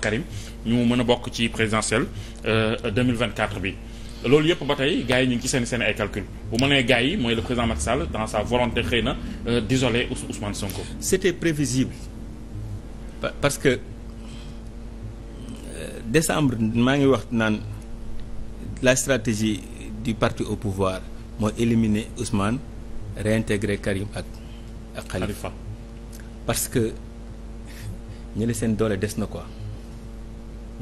Karim ñu mën a bokk ci présidentielle 2024 euh, bi loolu yëpp ba tey gars yi ñu ngi ci seen seen ay calcul bu ma nee yi mooy le président Macky saal dans sa volonté xëy na euh, d'isoler Ousmane Sonko. c'était prévisible parce que euh, décembre maa ngi wax naan la stratégie du partie au pouvoir mooy éliminer Ousmane réintégrer Karim ak ak Khalifa parce que ñu ne seen doole des na quoi.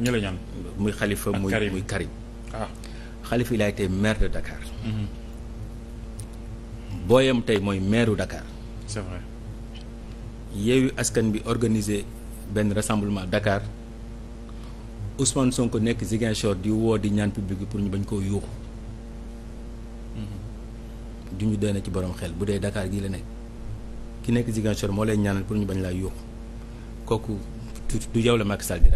ñu la ñaan muy Khalifa muy muy Karim ah Khalifa il a maire de Dakar. Mm-hmm. booyam tey mooy mairu Dakar. c'est vrai. askan bi organiser benn rassemblement Dakar Ousmane Sonko nekk Ziguinchor di woo di ñaan public bi pour ñu bañ koo yuuxu. Mm-hmm. du ñu dee na ci borom xel bu dee Dakar gii la nekk ki nekk Ziguinchor moo lay ñaanal pour ñu bañ laa yuuxu kooku du yow la Macky Sall di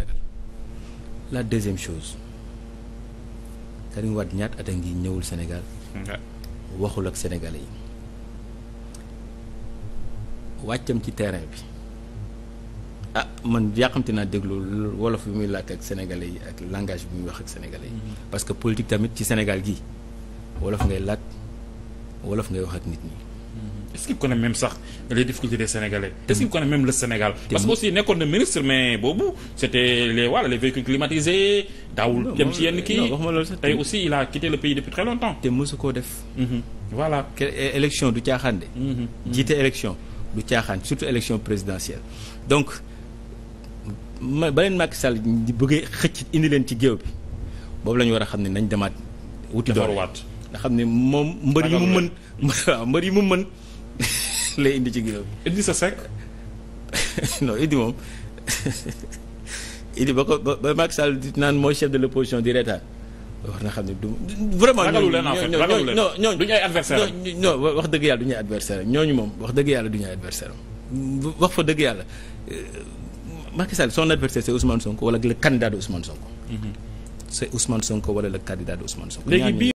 la deuxième chose Karim Wade ñaat at a ngi ñëwul Sénégal. waxul ak sénégalais yi wàccam ci terrain bi ah man yàqamte naa déglu wolof bi muy làkk ak sénégalais yi ak langage bi muy wax ak sénégalais yi. Mm-hmm. parce que politique tamit ci Sénégal gi wolof ngay làkk wolof ngay wax ak nit ñi. est-ce qu'il connaît même sax les difficultés des Sénégalais. est-ce qu'il mm-hmm. connaît même le Sénégal. parce que aussi nekkoon na ministre mais boobu c'était les voilà le véhicules climatisés daawul jëm ci yenn kii tey aussi il a quitté le pays depuis très longtemps. te mosu koo def. Mm-hmm. voilà. élection du caaxaan de. Mm-hmm. jiite élection du caaxaan surtout élection présidentielle donc ma ba leen Macky Sall di bëggee xëcc indi leen ci géew bi boobu la ñu war a xam ne nañ demaat. wuti doole nga xam ne moom mbër yi mu mën waaw mbër yi mu mën lay indi ci géew indi sa Seck non Idi moom Idi ba ko ba Macky Sall di naan mooy chef de l'opposition di reetaan war na xam ne du vraiment ñooñu non ñooñu duñu ay adversaire non wax dëgg yàlla du ñu ay adversaire ñooñu moom wax dëgg yàlla du ñu ay adversaire wax fa dëgg yàlla euh, Macky Sall son adversaire c'est Ousmane Sonko wala le candidat de Ousmane Sonko mhm. c'est Ousmane Sonko wala le candidat de